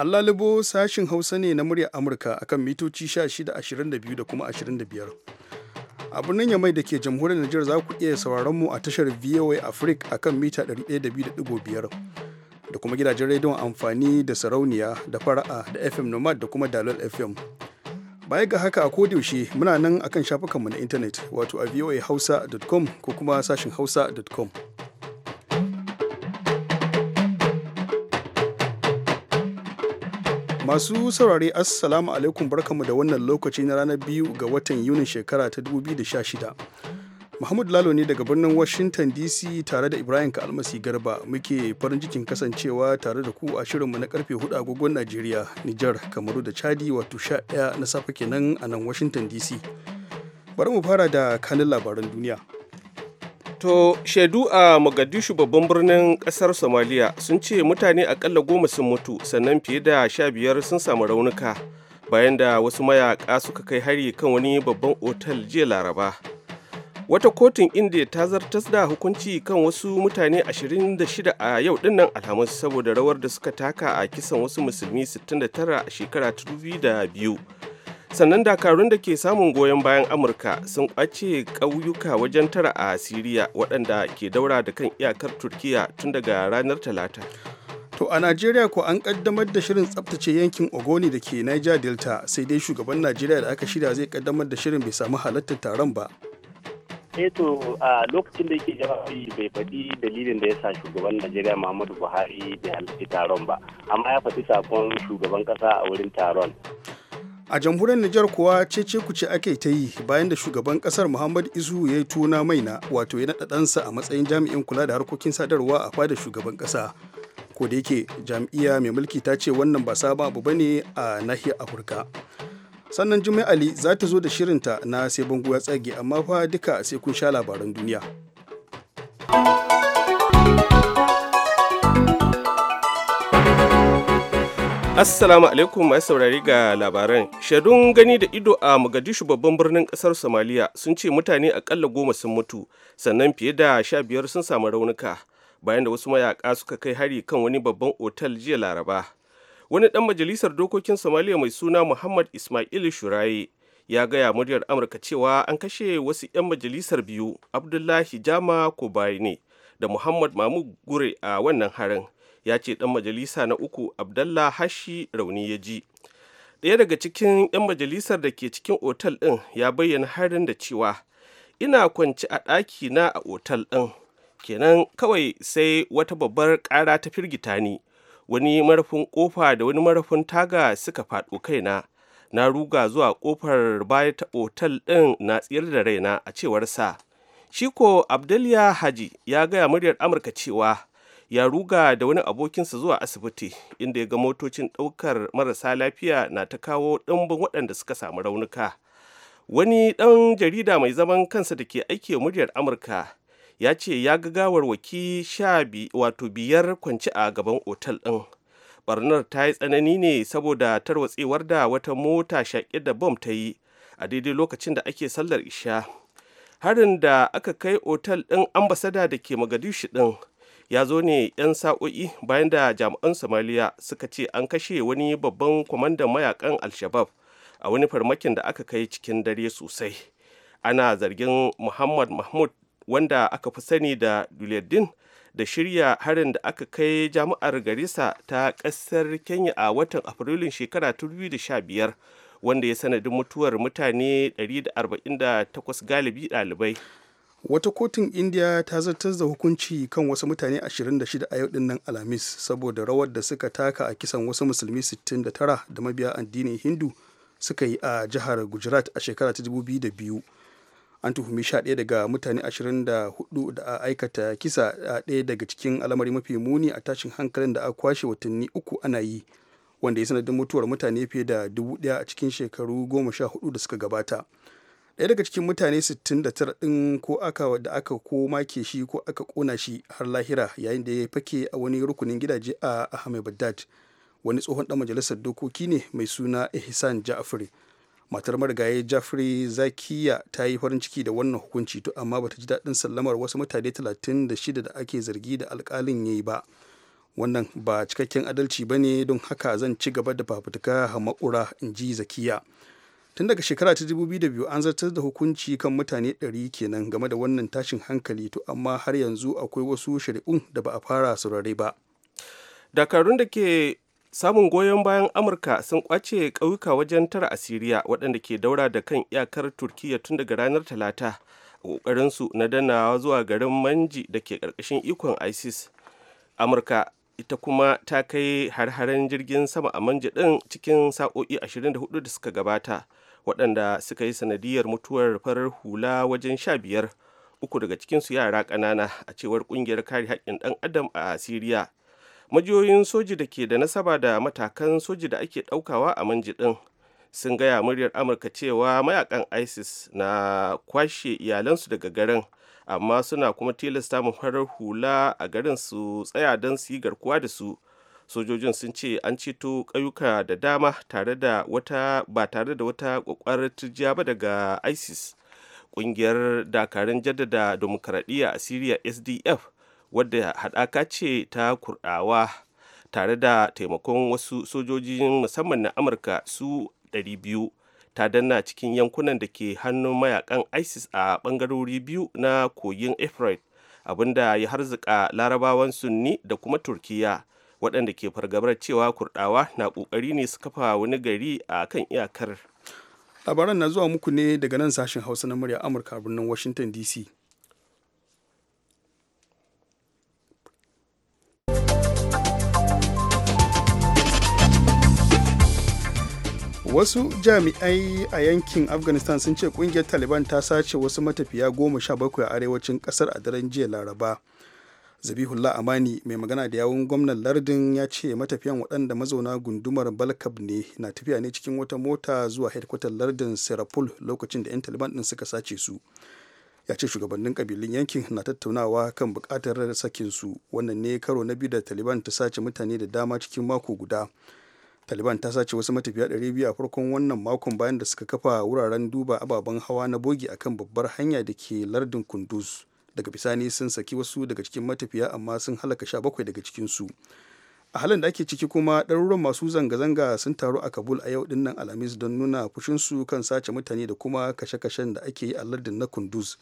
An lalubo sashin Hausa ne na muryar Amurka akan mitoci 16, 22 da kuma 25. a birnin yamai da ke jamhuriyar Najeriya za ku iya sauraron mu a tashar VOA Africa a kan mita 102.5 da kuma gidajen rediyon amfani da sarauniya da fara'a da FM Nomad da kuma Dalol FM. Baya ga haka a kodiyaushe muna nan akan shafukanmu na intanet wato a voahausa.com ko kuma sashin hausa.com. Masu saurare Assalamu alaikum barkamu da wannan lokaci na ranar biyu ga watan Yunin shekara ta 2016. Mahmud Lalo ne daga birnin Washington DC tare da Ibrahim almasi Garba muke farin cikin kasancewa tare da ku a shirinmu na karfe 4 agogon Najeriya, Nijar, Kamaru da Chadi wato 11 na safe kenan a nan Washington DC. Bari mu fara da kanin labaran duniya. To shaidu a Mogadishu babban birnin kasar Somalia sun ce mutane akalla goma sun mutu sannan fiye da sha biyar sun samu raunuka bayan da wasu mayaka suka kai hari kan wani babban otal jiya laraba. Wata kotun Indiya ta zartas da hukunci kan wasu mutane 26 a yau dinnan Alhamis saboda rawar da suka taka a kisan wasu musulmi 69 a shekara 2002. sannan dakarun da ke samun goyon bayan amurka sun kwace ƙauyuka wajen tara a siriya waɗanda ke daura da kan iyakar turkiya tun daga ranar talata To a Najeriya ko an kaddamar da shirin tsabtace yankin Ogoni da ke Niger Delta sai dai shugaban Najeriya da aka shirya zai kaddamar da shirin bai samu halartar taron ba. Eh to a lokacin da yake jawabi bai faɗi dalilin da ya sa shugaban Najeriya Muhammadu Buhari bai halarci taron ba, amma ya faɗi sakon shugaban ƙasa a wurin taron. a jamhuriyar Nijar kuwa cece kuce ake ta yi bayan da shugaban kasar Muhammad Isu ya yi mai maina wato ya naɗa ɗansa a matsayin jami'in kula da harkokin sadarwa a fadar shugaban ƙasa. Ko da yake jam'iyya mai mulki ta ce wannan ba saba abu bane a nahiyar Afirka. Sannan Jummai Ali za ta zo da shirinta na sai bango ya tsage amma fa duka sai kun sha labaran duniya. Assalamu alaikum mai saurari ga labaran. shadun gani da ido a Mogadishu babban birnin kasar Somalia sun ce mutane akalla goma sun mutu, sannan fiye da sha biyar sun samu raunuka bayan da wasu mayaka suka kai hari kan wani babban otal jiya Laraba. Wani ɗan majalisar dokokin Somalia mai suna Muhammad Ismail Shuraye ya gaya muryar Amurka cewa an kashe wasu 'yan majalisar biyu, Abdullahi Jama Kobaine da Muhammad Mamu Gure a wannan harin. ya ce dan majalisa na uku abdallah hashi rauni ya ji ɗaya daga cikin 'yan majalisar da ke cikin otal ɗin ya bayyana harin da cewa ina kwanci a ɗaki na a otal ɗin kenan kawai sai wata babbar ƙara ta firgita ni wani marafin ƙofa da wani marafin taga suka faɗo kaina na ruga zuwa ƙofar baya ta otal ɗin na tsayar da raina a cewar sa shiko abdulya haji ya gaya muryar amurka cewa ya ruga da wani abokinsa zuwa asibiti inda ya ga motocin ɗaukar marasa lafiya na ta kawo ɗimbin waɗanda suka samu raunuka wani ɗan jarida mai zaman kansa da ke aiki muryar amurka ya ce ya ga gawarwaki sha wato biyar kwanci a gaban otal ɗin barnar ta yi tsanani ne saboda tarwatsewar da wata mota shaƙe da bom ta yi a daidai lokacin da ake sallar isha harin da aka kai otal ɗin ambasada da ke magadishu ɗin ya zo ne 'yan sa'o'i bayan da jami'an somaliya suka ce an kashe wani babban kwamandan mayakan al-shabab a wani farmakin da aka kai cikin dare sosai ana zargin muhammad mahmud wanda aka fi sani da duleddin da shirya harin da aka kai jami'ar garisa ta ƙasar kenya a watan afrilun shekara 2015 wanda ya sanadin mutuwar mutane 148 galibi ɗalibai wata kotun indiya ta zartar da hukunci kan wasu mutane 26 a yau dinnan alhamis saboda rawar da suka taka a kisan wasu musulmi 69 da mabiya addinin hindu suka yi a jihar gujarat a shekara ta 2002 an tuhumi 11 daga mutane 24 da a aikata kisa a ɗaya daga cikin alamari mafi muni a tashin hankalin da a kwashe watanni uku ana yi wanda ya sanadin mutuwar mutane fiye da 1000 a cikin shekaru goma sha hudu da suka gabata. ɗaya daga cikin mutane 69 ɗin ko aka da aka ko make shi ko aka ƙona shi har lahira yayin da ya fake a wani rukunin gidaje a ahmedabad wani tsohon ɗan majalisar dokoki ne mai suna ihsan jafri matar marigaye jafri zakiya ta yi farin ciki da wannan hukunci to amma bata ji daɗin sallamar wasu mutane 36 da ake zargi da alƙalin ya yi ba wannan ba cikakken adalci ba ne don haka zan ci gaba da fafutuka hamakura in ji zakiya tun daga shekara ta 2002 an zartar da hukunci kan mutane 100 kenan game da wannan tashin hankali to amma har yanzu akwai wasu shari'un da ba a fara saurare ba dakarun da ke samun goyon bayan amurka sun kwace ƙauyuka wajen tara asiriya waɗanda ke daura da kan iyakar turkiya tun daga ranar talata a ƙoƙarinsu na danawa zuwa garin manji da ke ƙarƙashin ikon isis amurka ita kuma ta kai har-haren jirgin sama a manja ɗin cikin sa'o'i 24 da suka gabata waɗanda suka yi sanadiyar mutuwar farar hula wajen sha biyar uku daga cikinsu yara ƙanana a cewar ƙungiyar kare haƙƙin ɗan adam a siriya majiyoyin soji da ke da nasaba da matakan soji da ake ɗaukawa a manji ɗin sun gaya muryar amurka cewa mayakan isis na kwashe iyalansu daga garin amma suna kuma tilasta mu farar hula a garin su tsaya don su yi garkuwa da su sojojin sun ce an ceto ƙauyuka da dama tare da wata ba tare da wata kwakwar turjiya ba daga isis ƙungiyar dakarun jaddada demokaradiyya a syria sdf wadda haɗaka ce ta kurɗawa tare da taimakon wasu sojojin musamman na amurka su 200 ta danna cikin yankunan da ke hannun mayakan isis a bangarori biyu na kogin efrat abinda ya harzika larabawan sunni da kuma turkiya waɗanda ke fargabar cewa kurdawa na ƙoƙari ne su kafa wani gari a kan iyakar labaran na zuwa muku ne daga nan sashen hausa na murya amurka birnin washington dc wasu jami'ai a yankin afghanistan sun ce kungiyar taliban ta sace wasu matafiya goma sha bakwai a arewacin kasar a daren jiya laraba zabihullah amani mai magana da yawun gwamnan lardin ya ce matafiyan waɗanda mazauna gundumar balkab ne na tafiya ne cikin wata mota zuwa hedkwatar lardin serapul lokacin da 'yan taliban ɗin suka sace su ya ce shugabannin kabilun yankin na tattaunawa kan buƙatar sakin su wannan ne karo na biyu da taliban ta sace mutane da dama cikin mako guda taliban ta sace wasu matafiya 200 a farkon wannan makon bayan da suka kafa wuraren duba ababen hawa na bogi akan babbar hanya da ke lardin kunduz daga bisani sun saki wasu daga cikin matafiya amma sun halaka 17 daga cikinsu a halin da ake ciki kuma ɗaruruwan masu zanga-zanga sun taru a kabul a yau dinnan alhamis don nuna fushin su kan sace mutane da kuma kashe-kashen da ake yi a lardin na kunduz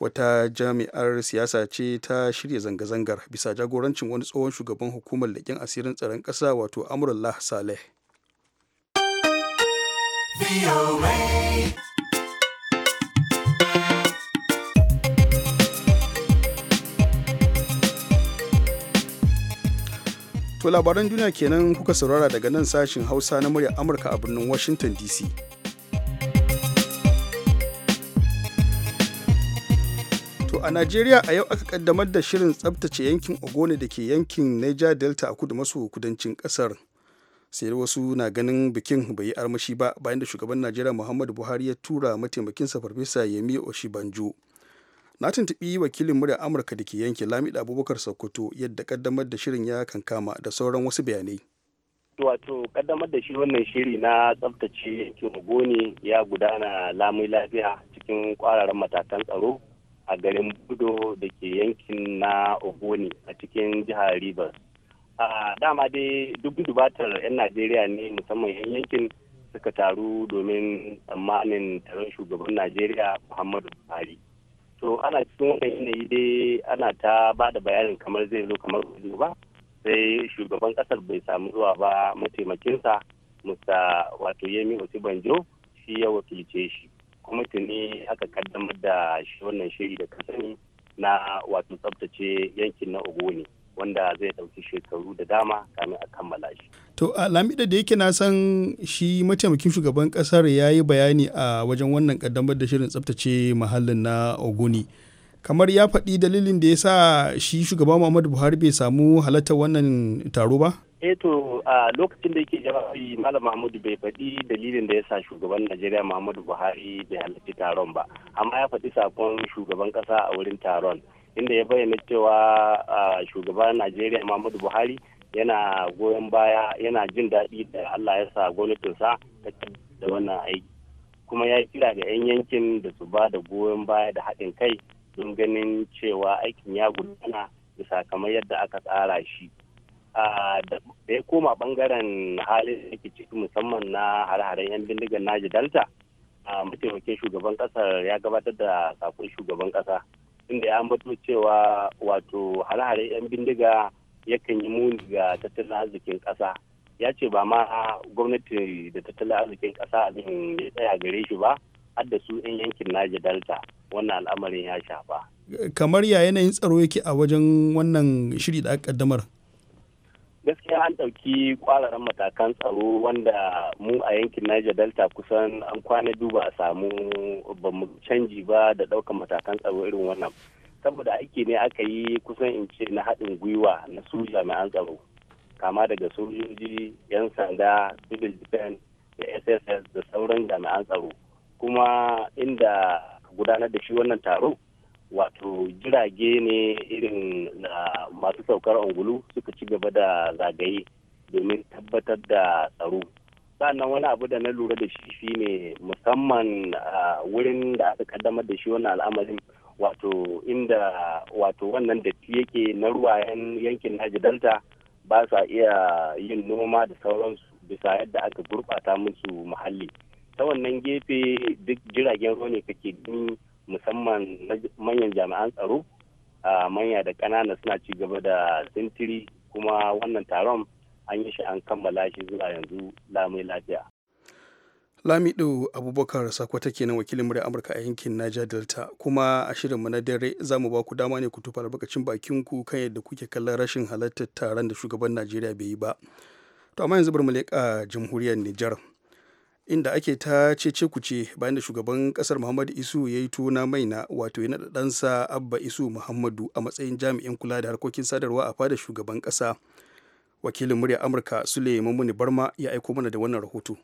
wata jami'ar siyasa ce ta shirya zanga-zangar bisa jagorancin wani tsohon shugaban hukumar leƙen asirin tsaron ƙasa wato amurallah saleh To labaran duniya kenan kuka saurara daga nan sashin Hausa na muryar Amurka a birnin Washington DC. a Najeriya a yau aka kaddamar da shirin tsabtace yankin Ogoni da ke yankin Niger Delta a kudu maso kudancin kasar. Sai wasu na ganin bikin bai yi armashi ba bayan da shugaban Najeriya Muhammadu Buhari ya tura mataimakinsa Farfesa Yemi Oshibanjo. Na tuntuɓi wakilin murya Amurka da ke yankin Lamida Abubakar Sokoto yadda kaddamar da shirin ya kankama da sauran wasu bayanai. wato kaddamar da shi wannan shiri na tsabtace yankin ogoni ya gudana lamai lafiya cikin kwararan matakan tsaro a garin budo da ke yankin na ogoni a cikin jihar rivers a dama dai duk dubatar 'yan najeriya ne musamman 'yan yankin suka taru domin tsammanin taron shugaban najeriya muhammadu buhari to ana cikin wannan yanayi dai ana ta ba da bayanin kamar zai zo kamar ba sai shugaban kasar bai samu zuwa ba mataimakinsa musa wato yemi osibanjo shi ya wakilce shi kuma tuni aka kaddamar da shi wannan shiri da ka sani na wato tsabtace yankin na ogoni wanda zai ɗauki shekaru da dama kamin a kammala shi. To a lamida da yake na san shi mataimakin shugaban ƙasar ya yi bayani a wajen wannan kaddamar da shirin tsabtace muhallin na ogoni. kamar ya faɗi dalilin da ya sa shi shugaba muhammadu buhari bai samu halartar wannan taro ba eto eh a lokacin da yake jawabi malam mahmudu bai faɗi dalilin da ya sa shugaban najeriya mahmudu buhari bai halarci taron ba amma ya faɗi sakon shugaban ƙasa a wurin taron inda ya bayyana cewa shugaban najeriya mahmudu buhari yana goyon baya yana jin daɗi da allah ya sa gwamnatinsa ta da wannan aiki kuma ya kira ga 'yan yankin da su ba da goyon baya da haɗin kai don ganin cewa aikin ya gudana bisa kamar yadda aka tsara shi da ya koma bangaren halin da ke ciki musamman na hare-haren 'yan bindigar naji delta mataimakin shugaban kasar ya gabatar da sakon shugaban kasa inda ya ambato cewa wato hare-haren 'yan bindiga yakan yi muni ga tattalin arzikin kasa ya ce ba ma gwamnati da tattalin arzikin kasa abin ya tsaya gare shi ba har da su 'yan yankin naji delta wannan al'amarin ya shafa kamar ya yanayin tsaro yake a wajen wannan shiri da aka kaddamar gaskiya an ɗauki kwararan matakan tsaro wanda mu a yankin niger delta kusan an kwana duba a samu ba mu canji ba da ɗaukan matakan tsaro irin wannan saboda aiki ne aka yi kusan in ce na haɗin gwiwa na su jami'an tsaro kama daga sojoji 'yan sanda civil defense da sss da sauran jami'an tsaro kuma inda gudanar da shi wannan taro wato jirage ne irin na masu saukar ungulu suka ci gaba da zagaye domin tabbatar da tsaro sannan wani abu da na lura da shi ne musamman wurin da aka kaddamar da shi wannan al'amarin wato inda wato wannan datti yake na ruwayen yankin naji delta ba sa iya yin noma da sauransu bisa yadda aka gurɓata musu muhalli ta wannan gefe duk jiragen ruwa ne kake gani musamman manyan jami'an tsaro a manya da kanana suna ci gaba da sintiri kuma wannan taron an yi shi an kammala shi zuwa yanzu lamai lafiya. Lamido Abubakar Sakwata kenan wakilin murya Amurka a yankin Niger Delta kuma a shirinmu na dare za mu ba ku dama ne ku tufa albarkacin bakin ku kan yadda kuke kallon rashin halartar taron da shugaban Najeriya bai yi ba. To amma yanzu bari mu leƙa jamhuriyar Nijar. inda ake ta ku ce bayan da shugaban kasar muhammadu isu ya yi tona maina wato ya naɗa ɗansa abba isu muhammadu a matsayin jami'in kula da harkokin sadarwa a fadar shugaban ƙasa wakilin murya amurka sule mummuni barma ya aiko mana da wannan rahoto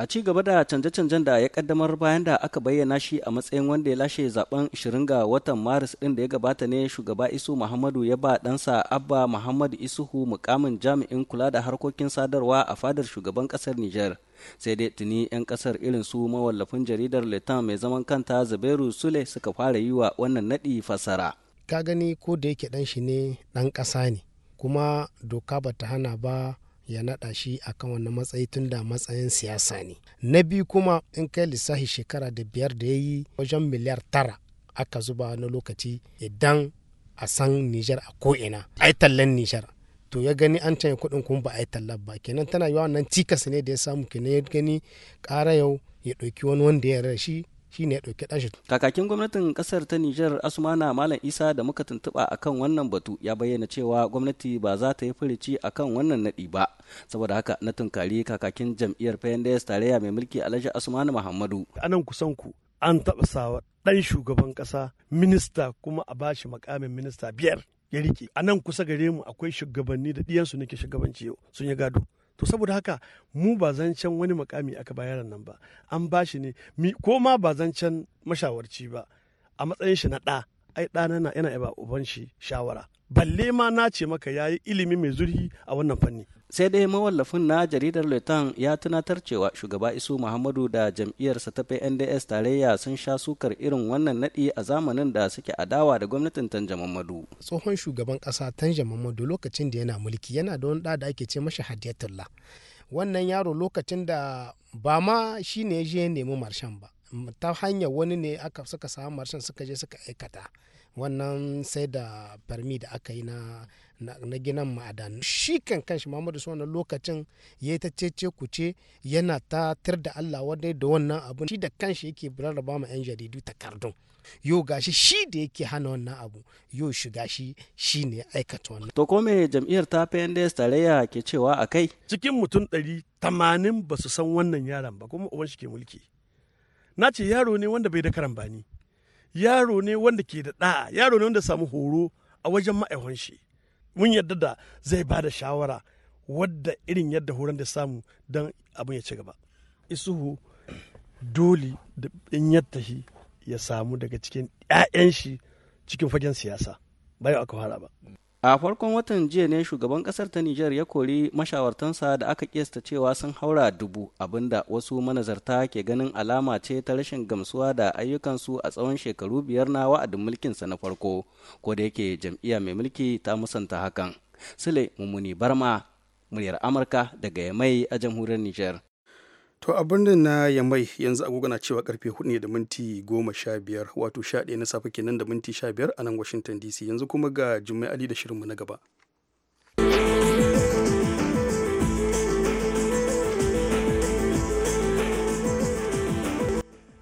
a ci gaba da canje-canjen da ya kaddamar bayan da aka bayyana shi a matsayin wanda ya lashe zaben 20 ga watan maris din da ya gabata ne shugaba isu muhammadu ya ba ɗansa abba muhammadu isuhu mukamin jami'in kula da harkokin sadarwa a fadar shugaban ƙasar niger sai dai tuni 'yan ƙasar irin su mawallafin jaridar letan mai zaman kanta zubairu sule suka fara yi wa wannan naɗi fassara ka gani ko da yake ɗan shi ne ɗan ƙasa ne kuma doka bata hana ba ya naɗa shi a kan wani matsayi tun da matsayin siyasa ne na biyu kuma in kai lissafi shekara da biyar da ya yi wajen miliyar tara aka zuba na lokaci idan a san nijar a ko'ina ai tallan nijar to ya gani an canye kuɗin kuma ba a yi ba kenan tana yi wannan cikas ne da ya samu kenan ya gani ƙara yau ya ɗauki wani wanda ya rashi shi shine ya ɗauki ɗashi. Kakakin gwamnatin ƙasar ta Nijar asumana Malam Isa da muka tuntuɓa a kan wannan batu ya bayyana cewa gwamnati ba za ta yi a kan wannan naɗi ba. Saboda haka na tunkari kakakin jam'iyyar PNDS tarayya mai mulki Alhaji Asumana Muhammadu. Anan kusan ku an taɓa sawa ɗan shugaban ƙasa minista kuma a bashi makamin minista biyar ya rike A nan kusa gare mu akwai shugabanni da ɗiyansu nake shugabanci yau sun yi gado. to saboda haka mu ba zancen wani makami aka bayar nan ba an ba shi ne ko ma ba zancen mashawarci ba a matsayin shi na ɗa ai ɗa yana ba uban shi shawara balle ma na ce maka ya yi ilimi mai zurfi a wannan fanni. sai dai mawallafin na jaridar leitan ya tunatar cewa shugaba iso muhammadu da jam'iyyarsa ta pnds tarayya sun sha sukar irin wannan nadi a zamanin da suke adawa da gwamnatin tanja mamadu tsohon shugaban ƙasa tanja mamadu lokacin da yana mulki yana da wani da ake ce mashi hadiyatulla wannan yaro lokacin da ba ma shi ne je nemi marshan ba ta hanyar wani ne aka suka samu marshen suka je suka aikata wannan sai da farmi da aka yi na na ginan ma'adan. shi kan kanshi Muhammadu wannan lokacin ya yi ta cece kuce yana ta tir da Allah wadai da wannan abu shi da kanshi yake rarraba ma 'yan jaridu takardun yo gashi shi da yake hana wannan abu yo shiga shi shi ne aikata wannan. To kome jam'iyyar ta PNDS tarayya ke cewa a kai? Cikin mutum ɗari tamanin ba su san wannan yaron ba kuma uban shi ke mulki. Na ce yaro ne wanda bai da karambani. yaro ne wanda ke da ɗa yaro ne wanda samu horo a wajen ma'aihon shi mun yadda da zai ba da shawara wadda irin yadda horon da samu don abin ya ci gaba isuhu dole da in yadda shi ya samu daga cikin 'ya'yan shi cikin fagen siyasa bayan aka fara ba a farkon watan jiya ne shugaban kasar ta nijar ya kori mashawartansa da aka kiyasta cewa sun haura dubu abinda wasu manazarta ke ganin alama ce ta rashin gamsuwa da ayyukansu a tsawon shekaru biyar na wa'adin mulkinsa na farko ko da yake jam'iyya mai mulki ta musanta hakan sule mummuni barma muryar amurka daga mai a jamhuriyar nijar To abin da na Yamai yanzu agogo na cewa karfe hudu ne da minti 15 wato 11 na safe kenan da minti 15 a nan Washington DC yanzu kuma ga Jummai Ali da shirinmu na gaba.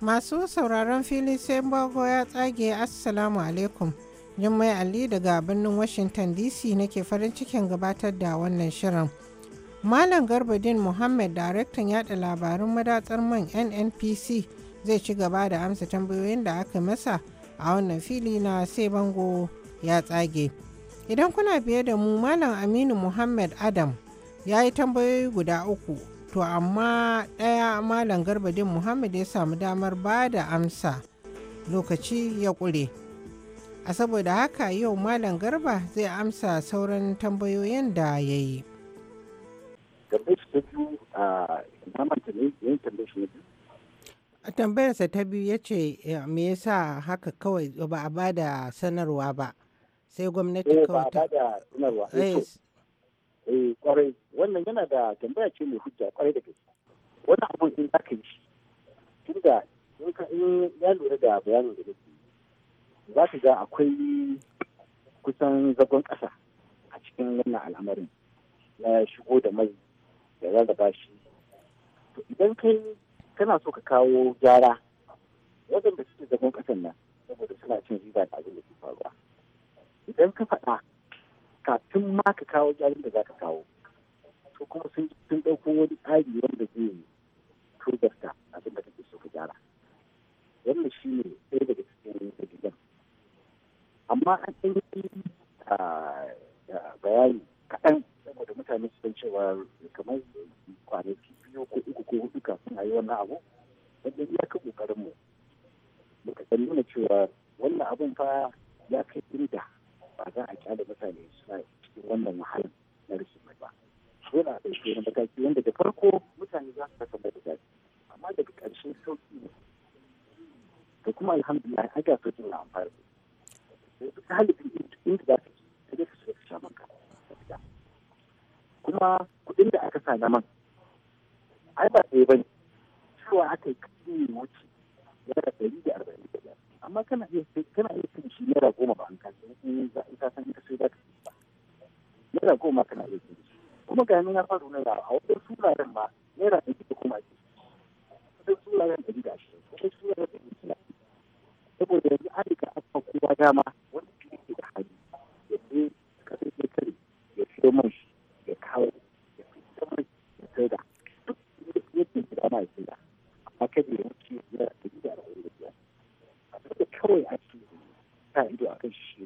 Masu sauraron fili sai bago ya tsage Assalamu alaikum. Jummai Ali daga birnin Washington DC nake farin cikin gabatar da wannan shirin. Malam Garbadin Muhammad daraktan yada labarun madatsar man NNPC zai ci gaba da amsa tambayoyin da aka masa a wannan fili na sai bango ya tsage. Idan kuna biye da mu Malam Aminu Muhammad Adam ya yi tambayoyi guda uku to amma ɗaya Malam Garbadin Muhammad ya samu damar ba da amsa lokaci ya ƙure. A saboda haka yau Malam Garba zai amsa sauran tambayoyin da ya yi. tambayar a tambayarsa ta biyu ya ce eh, me yasa haka kawai ba a bada sanarwa ba sai gwamnati eh, kawai ta bada sanarwa eh, eh kwarai wannan yana da tambaya ce mai hujja kwarai da gaske wani abun in za ka yi shi tunda in ka in ya lura da bayanin da nake za ka ga akwai kusan zagon ƙasa a cikin wannan al'amarin na shigo da mai da ba shi to idan kai kana so ka kawo gyara waɗanda suke zagon ƙasan nan saboda suna cin riba da abin da ke faruwa idan ka faɗa kafin ma ka kawo gyaran da za ka kawo to kuma sun ɗauko wani tsari wanda zai turbarta abin da kake so ka gyara wannan shi ne ɗaya daga cikin dalilan amma an ɗan yi ah, cewa kamar kwanaki biyu ko uku ko hudu kafin a yi wannan abu wanda ya ka kokarin mu muka san nuna cewa wannan abun fa ya kai inda ba za a kyale mutane suna cikin wannan wahalar na rashin mai ba dole a ɗauki wani mataki wanda da farko mutane za su kasance da daɗi amma daga ƙarshen sauƙi ne da kuma alhamdulillah an gafe jin na amfani da su ta halifin inda za kuma kudin da aka sa na man ai ba sai bane cewa aka yi kudi ne wuce naira dari da arba'in da biyar amma kana iya kana iya cin shi naira goma ba an kaji in za in ka san in ka sai da ba naira goma kana iya cin shi kuma ga yanzu na faru na a wajen sunayen ba naira ɗari da kuma ake wajen sunayen ɗari da ashirin wajen sunayen ɗari da ashirin saboda yanzu an riga an fa kowa dama wanda ke da hali yanzu ka sai kare ya siyo man shi hau gida ma da a a ce ta ido a kan shi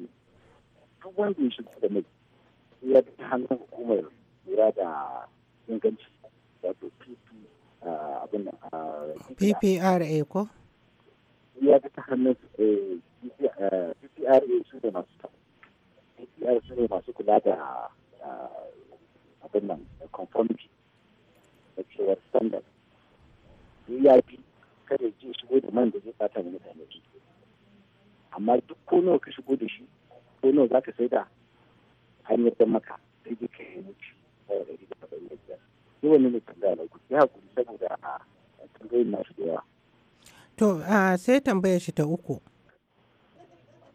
duk ppra ko ya bi ta hannun eh, ppra ppra su ne masu kula da abin nan conformity da cewar standard duk kada ji shigo da man da zai bata mana mutane ji amma duk ko nawa ka shigo da shi ko nawa za ka sai da hanyar da maka sai dai ka yi mutu da ɗari da ɗari da biyar ni wani ne tambaya na kuɗi ya kuɗi saboda a tambayin nasu da yawa. to sai tambayar shi ta uku.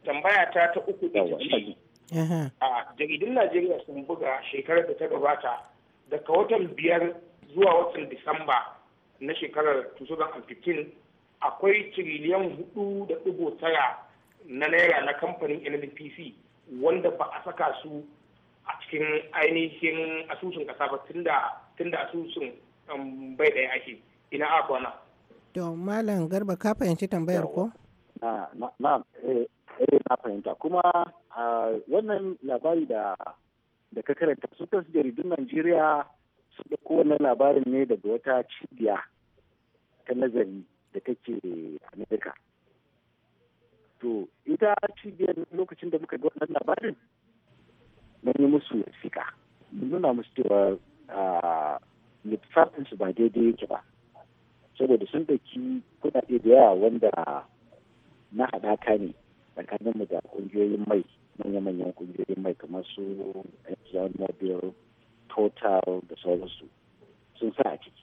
tambaya ta ta uku da wani a jaridun najeriya sun buga shekarar da ta gabata daga watan biyar zuwa watan disamba na shekarar 2015 akwai tiriliyan hudu da dubu tara na naira na kamfanin nnpc wanda ba a saka su a cikin ainihin asusun kasa ba tun da asusun um, bai ɗaya ake ina a kwana. don malam garba ka fahimci tambayar ko? na eh, eh na fahimta kuma a wannan labari da da ka karanta su kansu jaridun Najeriya su da wannan labarin ne daga wata cibiya ta nazari da take Amerika. To ita cibiyar lokacin da muka ga wannan labarin mun yi musu fika mun nuna musu cewa littafinsu ba daidai yake ba saboda sun ɗauki kuɗaɗe da yawa wanda na haɗaka ne mu da kungiyoyin mai manya-manyan kungiyoyin mai kamar su ExxonMobil, Total da sauransu sun sa a ciki.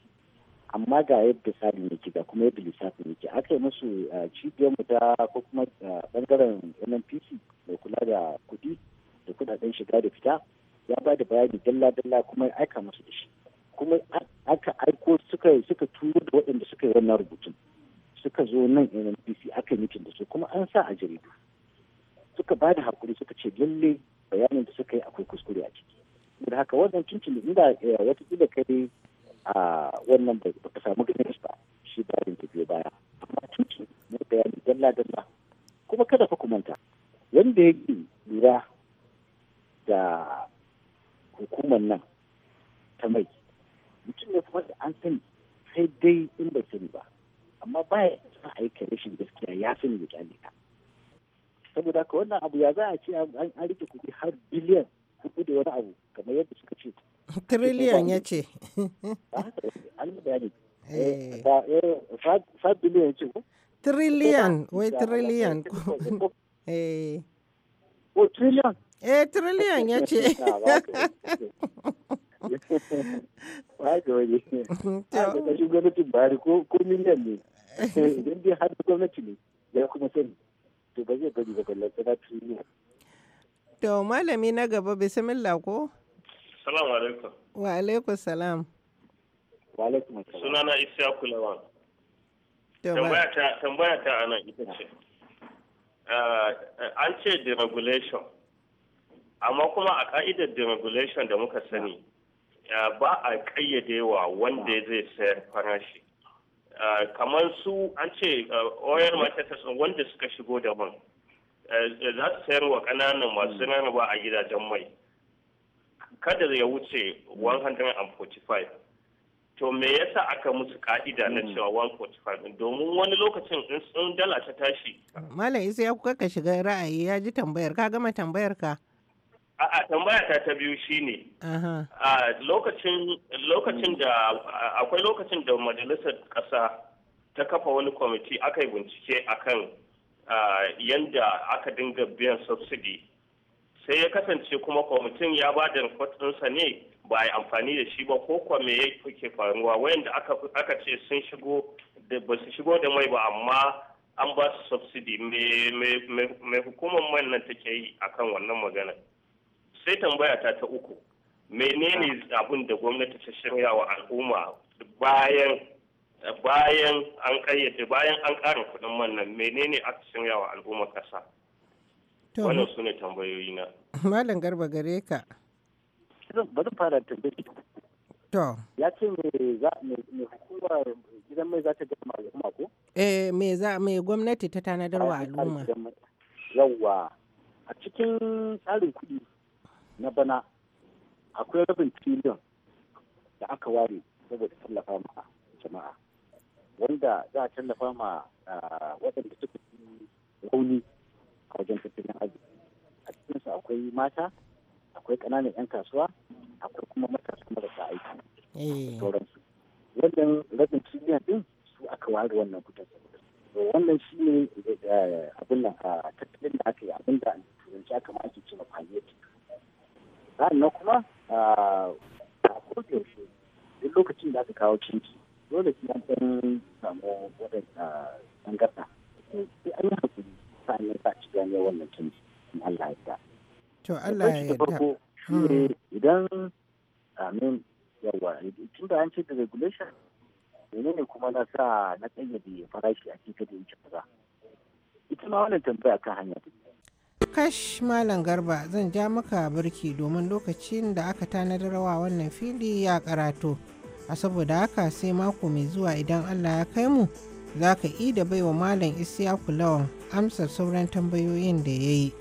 Amma ga yadda tsarin yake ga kuma yadda lissafin yake aka yi musu cibiyarmu ta ko kuma bangaren NNPC mai kula da kuɗi da kuɗaɗen shiga da fita ya ba da bayani dalla-dalla kuma ya aika musu da shi. Kuma aka aiko suka turo da waɗanda suka yi wannan rubutun. suka zo nan NNPC aka mitin da su kuma an sa a jaridu suka bani hakuri suka ce lalle bayanin da suka yi akwai kuskure a ciki da haka wannan cincin inda eh, wata kila kai a ah, wannan ba ka samu ganin ba shi da ta biyo baya amma cincin ne bayanin dalla dalla kuma kada fa manta wanda ya lura da hukumar nan wannan abu ya za a ce an rike kuɗi har biliyan hudu da wani abu kamar yadda suka ce Triliyan ya ce. Triliyan, wai triliyan. Eh, triliyan eh, eh, ya ce. ko miliyan ne. ya kuma sani. ba zai bari ba ballanta na duniya. To malami na gaba bismillah ko? Salam alaikum. Wa alaikum salam. Wa alaikum salam. Sunana Isiyaku Lawan. Tambaya ta ana ita ce. Eh, an ce deregulation. Amma kuma a ka'idar deregulation da muka sani ba a wa wanda zai sayar farashi. Eh, kamar su an ce eh, oil marketers wanda suka shigo daban eh, za su sayar wa ƙananan masu ba hmm. a gidajen mai kada ya wuce 145 to me yasa aka musu ka'ida na hmm. cewa 145 domin wani lokacin in dala ta tashi malam isa ya kuka ka shiga ra'ayi ya ji tambayar ka gama tambayar ka a tambaya ta ta biyu shine a lokacin da akwai lokacin da majalisar ƙasa ta kafa wani kwamiti aka yi bincike akan yadda aka dinga biyan subsidi sai ya kasance kuma kwamitin ya ba da ɗinsa ne ba a yi amfani da shi ba ko kuwa me yake faruwa wayanda aka ce sun shigo da ba su shigo da mai ba amma an ba su subsidy me hukumar mai nan take yi akan wannan magana sai tambaya ta ta uku menene abin da gwamnati ta shirya wa al'umma bayan bayan an kayyade bayan an ƙara kuɗin man nan menene aka shirya wa al'umma kasa? wannan su ne tambayoyi na malam garba gare ka bari fara tambayi to ya ce me za, me hukumar gidan mai za ta gama al'umma ko eh me za me gwamnati ta tanadar wa al'umma yawa a cikin tsarin kuɗi na bana akwai rabin tiliyon da aka ware saboda tallafa ma jama'a wanda za a tallafa ma waɗanda suka fi rauni a wajen tattalin arziki a cikinsu akwai mata akwai ƙananan 'yan kasuwa akwai kuma matasa marasa aiki eh. sauransu wannan rabin tiliyon din su aka ware wannan kudin wannan shi ne eh, abin nan tattalin da aka yi abin da turanci aka ma ake cewa palliative na kuma a kodayaushe duk lokacin da aka kawo cinki dole su an ɗan samu waɗanda tangarɗa sai an yi hakuri sa'annan sa'a cikin gane wannan canji in Allah ya yarda. To Allah ya yarda. Hmm. Idan amin yawa tun da an ce da regulation menene kuma na sa na ƙayyade farashi a cikin da ci ba ita ma wannan tambaya kan hanya take kash malam garba zan ja maka birki domin lokacin da aka rawa wannan fili ya karato a saboda haka sai mako mai zuwa idan allah ya kai mu za ka yi da baiwa malam isya lawan amsar sauran tambayoyin da ya yi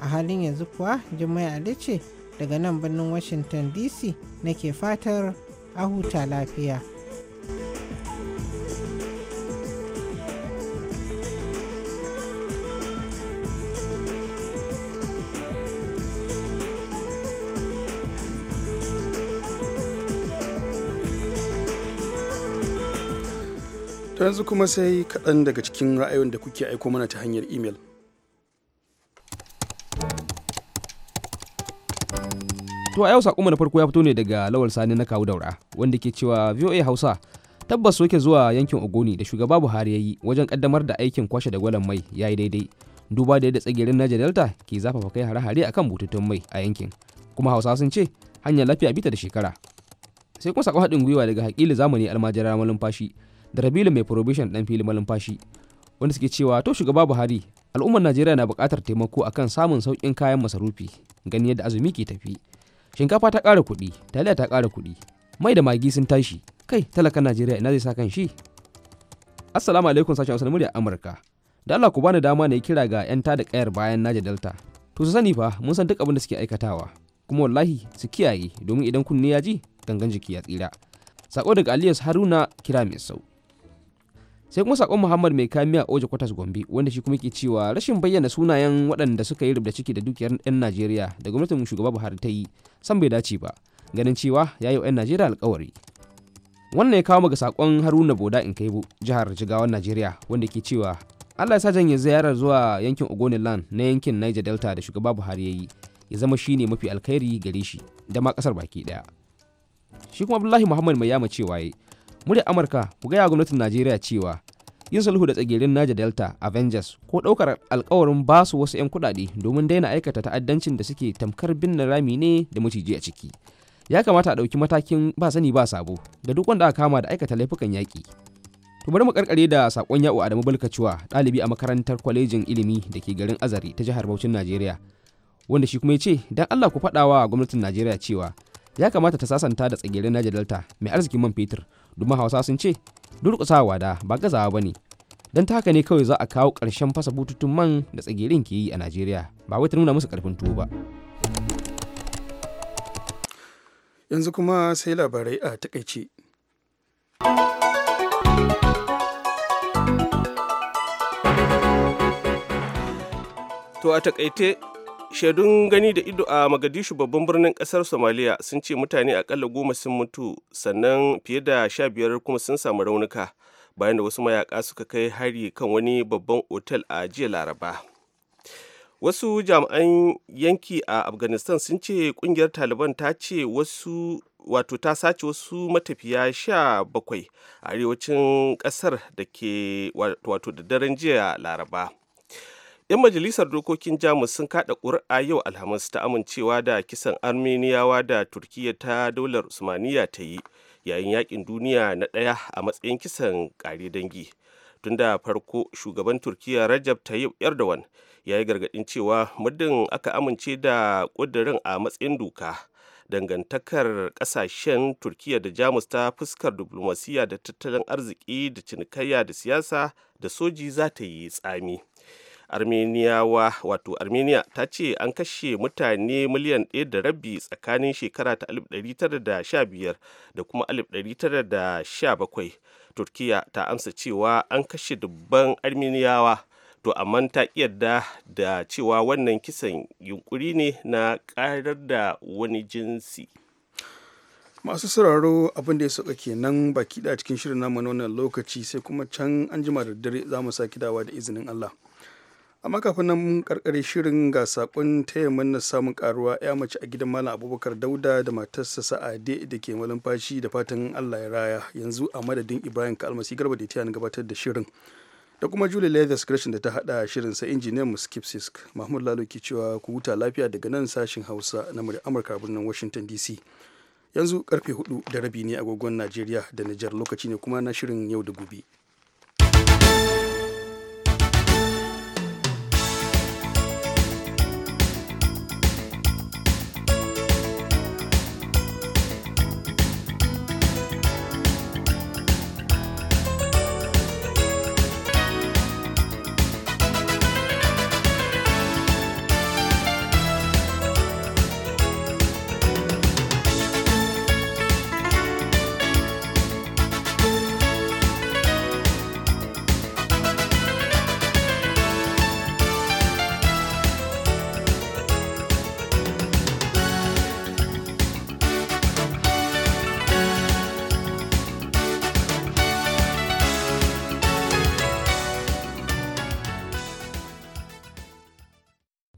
a halin yanzu kuwa jimai alice daga nan birnin washington dc nake fatar a huta lafiya. to yanzu kuma sai kaɗan daga cikin ra'ayoyin da kuke aiko mana ta hanyar imel. To a yau sakonmu na farko ya fito ne daga Lawal Sani na Kawu Daura wanda ke cewa VOA Hausa tabbas soke zuwa yankin Ogoni da shugaba Buhari ya yi wajen kaddamar da aikin kwashe da gwalan mai ya yi daidai duba da yadda tsagirin naja Delta ke zafafa kai hare-hare akan bututun mai a yankin kuma Hausa sun ce hanyar lafiya bita da shekara sai kuma sakon haɗin gwiwa daga Hakili Zamani almajiran malumfashi fashi da rabilu mai provision dan fili malumfashi wanda suke cewa to shugaba buhari al'ummar najeriya na buƙatar taimako akan samun sauƙin kayan masarufi gani yadda azumi ke tafi shinkafa ta ƙara kuɗi taliya ta ƙara kuɗi mai da magi sun tashi kai talakan najeriya ina zai sa kan shi assalamu alaikum sashen hausa murya amurka da allah ku bani dama na yi kira ga 'yan tada kayar bayan naja delta to su sani fa mun san duk abin da suke aikatawa kuma wallahi su kiyaye domin idan kunne ya ji gangan jiki ya tsira sako daga aliyas haruna kira mai sau sai kuma sakon muhammad mai kamiya oja kwatas gombe wanda shi kuma ke cewa rashin bayyana sunayen waɗanda suka yi rubda ciki da dukiyar 'yan najeriya da gwamnatin shugaba buhari ta yi san bai dace ba ganin cewa ya yi wa 'yan najeriya alkawari wannan ya kawo ga sakon haruna boda in kaibo jihar jigawar najeriya wanda ke cewa allah ya sa janye ziyarar zuwa yankin land na yankin niger delta da shugaba buhari ya yi ya zama shine mafi alkhairi gare shi da ma kasar baki daya shi kuma abdullahi muhammad mai yama cewa muryar amurka ku gaya gwamnatin najeriya cewa yin sulhu da tsagerin naja delta avengers ko ɗaukar alkawarin basu wasu 'yan kuɗaɗe domin daina aikata ta'addancin da suke tamkar binne rami ne da maciji a ciki ya kamata a ɗauki matakin ba sani ba sabo da duk wanda aka kama da aikata laifukan yaƙi to bari mu karkare da sakon yawo Adamu Balkacewa ɗalibi a makarantar kwalejin ilimi da ke garin Azari ta jihar Bauchin Najeriya wanda shi kuma ya ce dan Allah ku faɗawa gwamnatin Najeriya cewa ya kamata ta sasanta da tsagerin Naja Delta mai arzikin man fetur domin hausa sun ce durƙusa wada ba gazawa ba ne don haka ne kawai za a kawo ƙarshen fasa bututun man da tsagirin ke yi a najeriya ba wai ta nuna musu ƙarfin tuwo ba yanzu kuma sai labarai a takaice To a takaice shaidun gani da ido a Magadishu babban birnin kasar somaliya sun ce mutane akalla goma sun mutu sannan fiye da sha biyar kuma sun samu raunuka bayan da wasu mayaka suka kai hari kan wani babban otal a jiya Laraba. Wasu jami'an yanki a Afghanistan sun ce kungiyar Taliban ta ce wasu wato ta sace wasu matafiya sha bakwai a arewacin kasar da ke wato da daren jiya Laraba. 'yan majalisar dokokin jamus sun kada ƙuri'a yau alhamis ta amincewa da kisan armeniyawa da turkiyya ta daular usmaniya ta yi yayin yakin duniya na ɗaya a matsayin kisan ƙare dangi tun da farko shugaban turkiyya rajab tayyip erdogan ya yi gargaɗin cewa muddin aka amince da ƙudurin a matsayin doka dangantakar ƙasashen turkiyya da jamus ta fuskar diplomasiya da tattalin arziki da cinikayya da siyasa da soji za ta yi tsami armeniyawa wato armenia ta ce an kashe mutane miliyan ɗaya da rabi tsakanin shekara ta 1915 da kuma 1917 turkiya ta amsa cewa an kashe dubban armeniyawa to amma ta yarda da cewa wannan kisan yunkuri ne na karar da wani jinsi masu sauraro abin da ya sauka kenan baki da cikin shirin namu na wannan lokaci sai kuma can an jima da dare za mu sake dawa da izinin allah amma kafin nan mun karkare shirin ga sakon taya manna samun karuwa ya mace a gidan malam abubakar dauda da matarsa sa'ade da ke fashi da fatan allah ya raya yanzu a madadin ibrahim kalmasi garba da tiyan gabatar da shirin da kuma julie leathers gresham da ta hada shirin sa injiniyan muskip sisk mahmud lalo ke cewa ku huta lafiya daga nan sashin hausa na murya amurka birnin washington dc yanzu karfe hudu da rabi ne agogon najeriya da nijar lokaci ne kuma na shirin yau da gobe